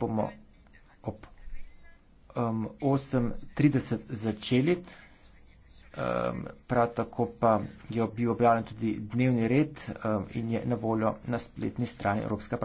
bomo ob um, 8.30 začeli. Um, prav tako pa je bil objavljen tudi dnevni red um, in je na voljo na spletni strani Evropska.